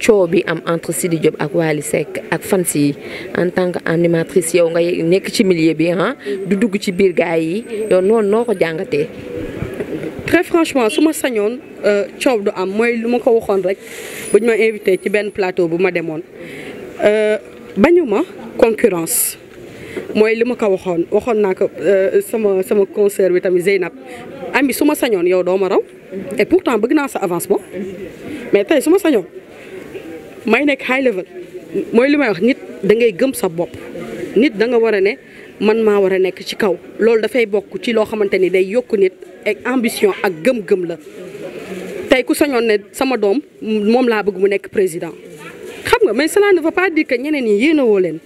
coow bi am entre Sidi Diop ak Wally Seck ak fans yi en tant que animatrice yow nga nekk ci milieu bi ah du dugg ci biir gaay yi yow noonu noo ko jàngatee. très franchement su ma sañoon euh, coow du am mooy lu ma ko waxoon rek bu ñu ma invité ci benn plateau bu ma demoon euh, bañu ma concurrence mooy li ma ko waxoon waxoon naa ko euh, sama sama concert bi tamit Zeynab ami su ma sañoon yow doo ma raw et pourtant bëgg naa sa avancement mais tey su ma sañoon. may nekk high level mooy li may wax nit da ngay gëm sa bopp nit da nga war a ne man maa war a nekk ci kaw loolu dafay bokk ci loo xamante ni day yokk nit ak ambition ak gëm-gëm la tey ku sañoon ne sama doom moom laa bëgg mu nekk président xam nga mais cela dafa veut pas dire que ñeneen yi yéenewoo leen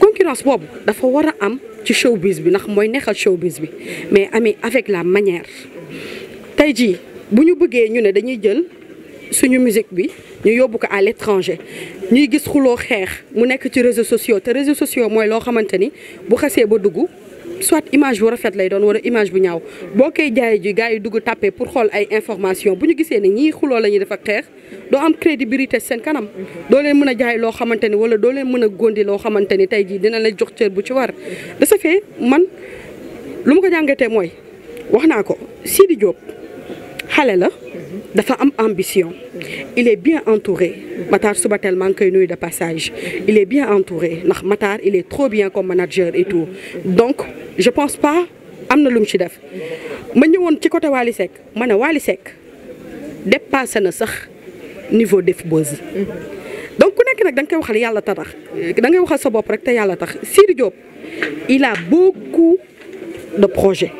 concurrence boobu dafa war a am ci showbiz bi ndax mooy neexal showbiz bi mais amee avec la manière tey jii bu ñu bëggee ñu ne dañuy jël. suñu musique bi ñu yóbbu ko à l'étranger ñuy gis xuloo xeex mu nekk ci réseaux sociaux te réseaux sociaux mooy loo xamante ni bu xasee ba dugg soit image bu rafet lay doon wala image bu ñaaw boo koy jaayee ji gars yi dugg tàppe pour xool ay information bu ñu gisee ne ñii xuloo la ñuy def ak xeex doo am crédibilité seen kanam doo leen mën a jaay loo xamante ni wala doo leen mën a gondi loo xamante ni tey jii dina la jox cër bu ci war de ce man lu ma ko jàngatee mooy wax naa ko Sidi Diop xale la dafa am ambition il est bien entouré Matar Soubatel maa ngi koy nuyu de passage il est bien entouré ndax Matar il est trop bien comme manager et tout donc je pense pas am na lu mu ci def ma ñëwoon ci côté Wally Seck ma ne Wally Seck dépassé na sax niveau def buzz donc ku nekk nag da nga koy waxal yàlla tax da ngay waxal sa bopp rek te yàlla tax Sidy Diop il a beaucoup de projets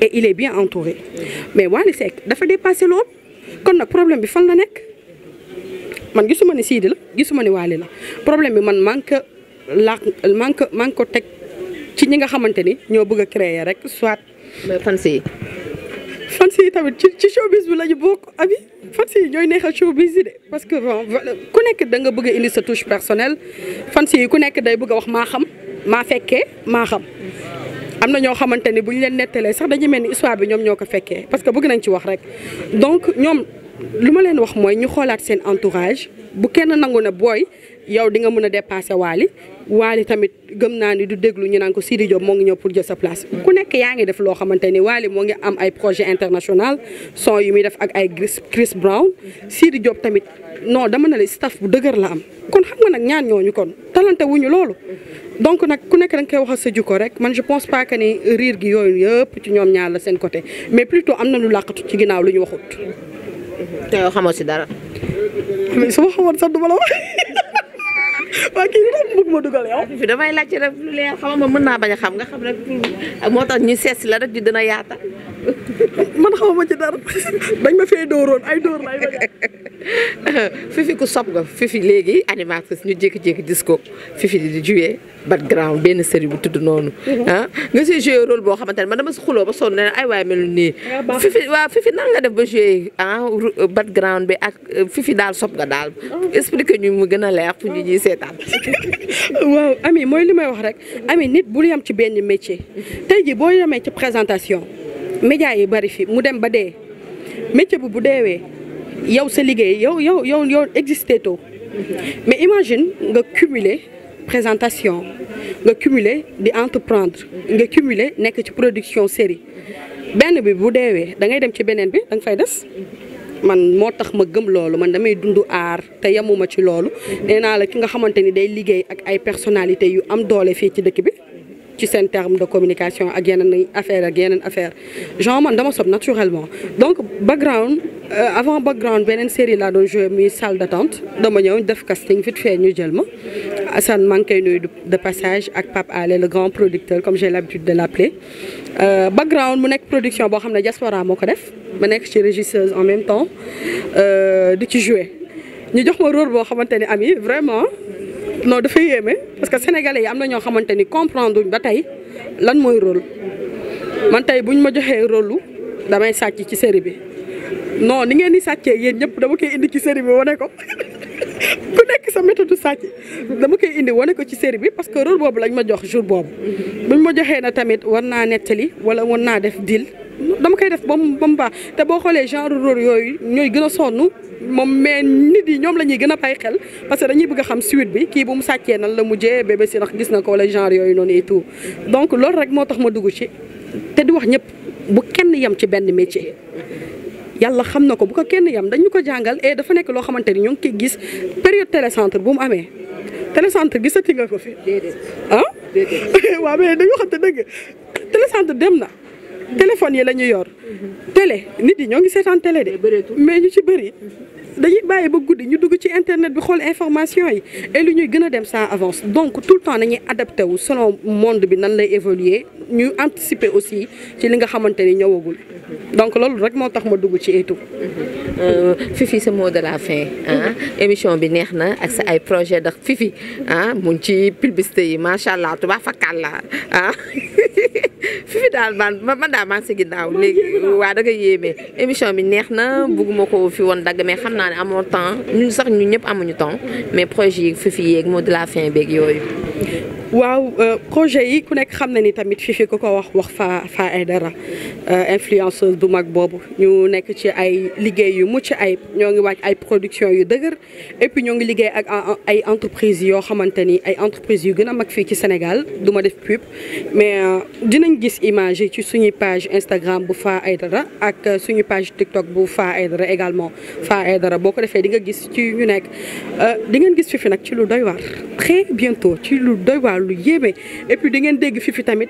et il est bien entouré mais Wally Seck dafa dépassé loolu kon nag problème bi fan la nekk man gisuma ni Sidi la gisuma ni Wally la problème bi man manque laa manque manque ko teg ci ñi nga xamante ni ñoo bëgg créer rek soit. fan si yi. fans yi tamit ci ci showbiz bi la ñu bokk abi fans yi ñooy neexal showbiz yi de parce que bon ku nekk da nga bëgg indi sa touche personnelle fans yi ku nekk day bëgg a wax maa xam maa fekkee maa xam. am na ñoo xamante ni bu ñu leen nettalee sax dañuy mel ni histoire bi ñoom ñoo ko fekkee parce que bëgg nañ ci wax rek donc ñoom lu ma leen wax mooy ñu xoolaat seen entourage bu kenn nangu ne booy yow di nga mën a dépasser waali Wally tamit gëm naa ni du déglu ñu naan ko Sidi Diop moo ngi ñëw pour jël sa place ku nekk yaa ngi def loo xamante ni Wally moo ngi am ay projet international son yi muy def ak ay Chris Brown Sidi Diop tamit noo dama na la staff bu dëgër la am kon xam nga nag ñaan ñooñu kon talante wuñu loolu donc nag ku nekk da nga koy waxal sa jukko rek man je pense pas que ni riir gi yooyu yëpp ci ñoom ñaar la seen côté mais plutôt am na lu làqatu ci ginnaaw lu ñu waxut. te yow xamoo si dara. mais su ma xamoon sax du ma la wax waa kii damay laajte rek lu leer xam ma mën naa bañ a xam nga xam rek moo tax ñu sees la rek di dina yaata. man xamuma ci dara dañ ma fee dooroon ay door laay fifi ku sob nga fifi léegi animatrice ñu jékki-jékki gis ko fifi di joué background benn série bu tudd noonu. Mhm. ah nga siy joué rôle boo xamante ne man dama si xuloo ba sonn ne ay waay melu nii. Ah, fifi waaw fifi nan nga def ba joué ah euh, background bi ak euh, fifi daal sob ga daal. Ah. expliqué ñu mu gën a leer pour ñu ñuy seetaan. waaw Ami mooy li may wax rek. Ami nit bul yam ci benn métier. tey jii boo yemee ci présentation. média yi bari fi mu dem ba dee métier bu bu deewee. yow sa liggéey yow yow yow yow existé too mais imagine nga cumuler présentation nga cumuler di entreprendre nga cumuler nekk ci production série benn bi bu deewee da ngay dem ci beneen bi da nga fay des man moo tax ma gëm loolu man damay dund aar te yamuma ci loolu nee naa la ki nga xamante ni day liggéey ak ay personnalité yu am doole fii ci dëkk bi ci seen terme de communication ak yeneen affaire ak yeneen affaire genre man dama sob naturellement donc background euh, avant background beneen série laa doon joué mi salle d'attente dama ñëw def casting vite fait ñu jël ma Assane maa ngi koy nuyu de passage ak pap Alé le grand producteur comme j'ai l'habitude de l'appeler euh, background mu nekk production boo xam ne diaspora moo ko def ma nekk ci régisseuse en même temps euh, di ci joué ñu jox ma rôle boo xamante ne ami vraiment non dafa yéeme parce que sénégalais yi am na ñoo xamante ni comprendre ba tey lan mooy rôle man tey buñ ma joxee rôle damay sàcc ci série bi non ni ngeen di sàccee yéen ñëpp dama koy indi ci série bi wane ko ku nekk sa méthode sàcc dama koy indi wane ko ci série bi parce que rôle boobu lañ ma jox jour boobu buñ ma joxee na tamit war naa nettali wala war naa def deal dama koy def ba mu ba mu baax te boo xoolee genre rôle yooyu ñooy gën a sonn moom mais nit yi ñoom la ñuy gën a bàyyi xel parce que dañuy bëgg xam suite bi kii bu mu sàccee nan la mujjee bébé si ndax gis na ko wala genre yooyu noonu et tout donc loolu rek moo tax ma dugg ci te di wax ñëpp bu kenn yem ci benn métier. yàlla xam na ko bu ko kenn yam dañu ko jàngal dafa nekk loo xamante ni ñu ngi koy gis période télécentre bu mu amee télécentre gisati nga ko fi. déedéet ah? mais dañoo xam te dëgg télécentre dem na. téléphone yi la ñu yor télé nit yi ñoo ngi seetaan télé de mais ñu ci bëri dañuy bàyyi ba guddi ñu dugg ci internet bi xool information yi et lu ñuy gën a dem sans avance donc tout le temps nañuy adapté wu selon monde bi nan lay évoluer ñu anticiper aussi ci li nga xamante ni ñëwagul donc loolu rek moo tax ma dugg ci etu euh, Fifi sa mot de la fin émission bi neex na ak sa ay projet ndax Fifi ah mu ci publicité yi macha allah tubaab fakkaat la fifi daal man man daal maa ngi si ginnaaw léegi waa da nga yéeme émission bi neex na bugguma ko fi woon dagg mais xam naa ne amoon temps ñun sax ñun ñëpp amuñu temps mais projet yi fifi yeeg moo de la fin beeg yooyu waaw euh, projet yi ku nekk xam na ni tamit fifi ku ko wax wax fa fa ay dara euh, influenceuse bu mag boobu ñu nekk ci ay liggéey yu mucc ay ñoo ngi wàcc ay production yu dëgër et puis ñoo ngi liggéey ak ay entreprise yoo xamante ni ay entreprise yu gën a mag fii ci Sénégal du ma def pub mais euh, dinañ gis image ci suñuy page Instagram bu fa ay dara ak suñu page TikTok bu fa ay dara également fa ay dara boo ko defee di nga gis ci ñu nekk di ngeen gis fifi nag ci lu doy vraiment lu yéeme et puis di ngeen dégg Fifi tamit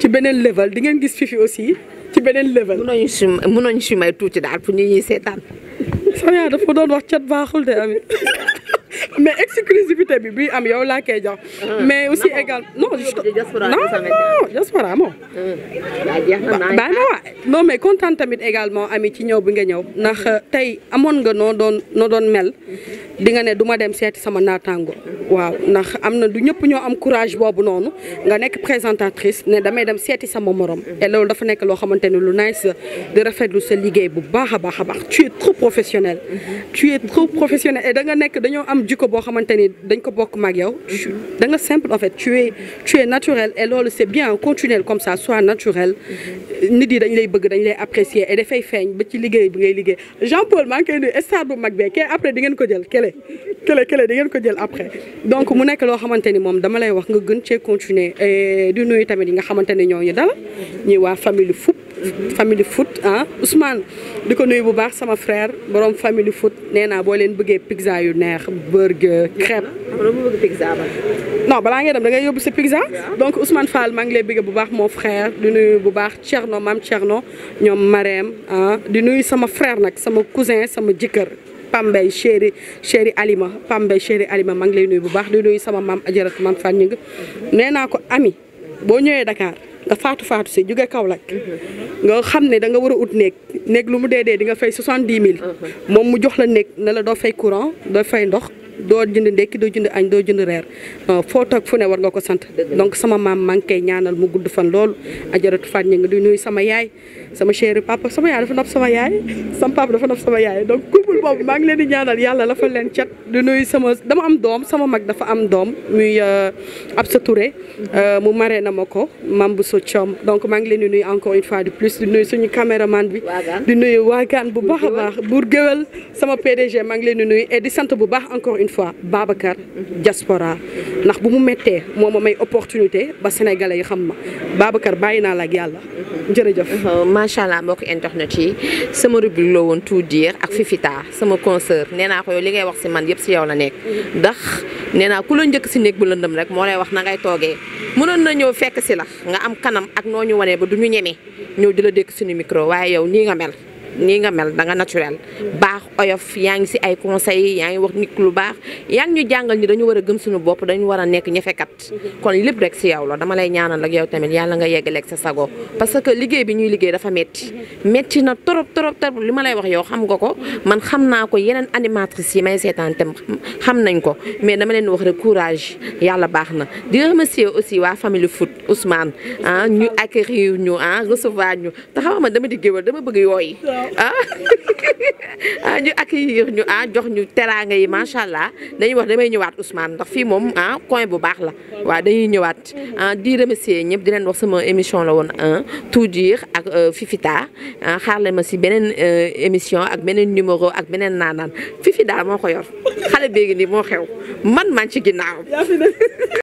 ci beneen level di ngeen gis Fifi aussi ci beneen level. mënoo ñu si mënoo ñu may tuuti daal pour ñu ñuy seetaan. Sonia dafa doon wax cat baaxul de Ami mais exclusivité bi bi am yow laa koy jox. Ah. mais aussi égal non. non non diaspora moom. baax ah. na waay non mais kontaan tamit également Ami ci ñëw bi nga ñëw ndax tey amoon nga noo doon noo doon mel. Mm-hmm. di nga ne du ma dem seeti sama naataango waaw ndax am na du ñëpp ñoo am courage boobu noonu nga nekk présentatrice damay dem seeti sama morom et dafa nekk loo xamante ne lu nice rafetlu sa liggéey bu baax a baax a baax tu es trop da nga nekk dañoo am jikko boo xamante ni dañ ko bokk mag yow da nga simple en fait tu es tu es naturel et loolu c'est bien continuer comme ça soit naturel nit yi dañ lay bëgg dañ lay apprécier et dafay feeñ ba ci liggéey bi ngay liggéey Jean Paul maa ngi koy nuyu stade bu mag bi kee après di ngeen ko jël kële kële kële di ngeen ko jël après donc mu nekk loo xamante ni moom dama lay wax nga gën cee continuer di nuyu tamit yi nga xamante ne ñoo ñu dala ñuy waa famille foot famille foot ah Ousmane di ko nuyu bu baax sama frère borom famille fut nee naa boo leen bëggee pizza yu neex burger crêpe non balaa ngay dem da ngay yóbbu sa pizza donc Ousmane Fall maa ngi lay bëgg bu baax mon frère di nuyu bu baax Thierno maam Thierno ñoom Marème ah di nuyu sama frère nag sama cousin sama jëkkër Pambay chéri chéri Alima Pambay chéri Alima maa ngi lay nuyu bu baax di nuyu sama maam ajaratu maam Fane Ngingue nee naa ko ami boo ñëwee dakaar nga faatu faatu si jóge Kaolack nga xam ne da nga war a ut néeg néeg lu mu dee dee di nga fay soixante-dix mille uh-huh. moom mu jox la néeg ne la doo fay courant doo fay ndox. doo jënd ndekki doo jënd añ doo jënd reer euh, foo toog fu ne war nga ko sant donc sama maam maa ngi ñaanal mu gudd fan loolu ajaratu Fatou Gningue di nuy sama yaay sama chéri papa sama yaay dafa nopp sama yaay sama papa dafa nopp sama yaay donc couple boobu maa ngi leen di ñaanal yàlla la fa leen cat di nuyu sama dama am doom sama mag dafa am doom muy euh, Absa Touré euh, mu maree na ma ko mam bu sa coom donc maa ngi leen di nuyu encore une fois de plus di nuyu suñu caméraman bi a baax maa leen di di sant bu baax encore une fois Babacar diaspora ndax bu mu méttee moo ma may opportunité ba sénégalais yi xam ma Babacar bàyyi naa la ak yàlla jërëjëf. Uh-huh. macha allah mbokk internet yi sama rubrique la woon tout dire ak Fifita sama consoeur nee naa ko yow li ngay wax si man yëpp si yow la nekk ndax nee naa ku la njëkk si néeg bu lëndëm rek moo lay wax na ngay toogee mënoon na ñëw fekk si la nga am kanam ak noo ñu wanee ba du ñu ñemee ñëw di la dékk suñu micro waaye yow nii nga mel. nii nga mel da nga naturel baax oyof yaa ngi si ay conseil yaa ngi wax nit lu baax yaa ngi ñu jàngal ñi dañu war a gëm suñu bopp dañu war a nekk ñefekat kon lépp rekk si yow la dama lay ñaanal ak yow tamit yàlla nga yeggaleeg sa sago parce que liggéey bi ñuy liggéey dafa metti metti na trop trop trop li ma lay wax yow xam nga ko man xam naa ko yeneen animatrices yi may seetaan tam xam nañ ko mais dama leen wax rek courage yàlla baax na di remercier aussi waa famille foot Ousmane ah ñu accueillir ñu ah recevoir ñu te xam nga dama di géwal dama bëgg yooyu Ah. ah ñu accueillir ñu ah, jox ñu teraanga yi macha allah dañuy wax damay ñëwaat Ousmane ndax fii moom ah coin bu baax la waaw dañuy ñëwaat ah di remercier ñëpp di leen wax sama émission la woon un ah, tout ak euh, Fifita xaar leen ma si beneen euh, émission ak beneen numéro ak beneen naanaan Fifi daal moo ko yor xale béegi nii moo xew man man ci ginnaaw.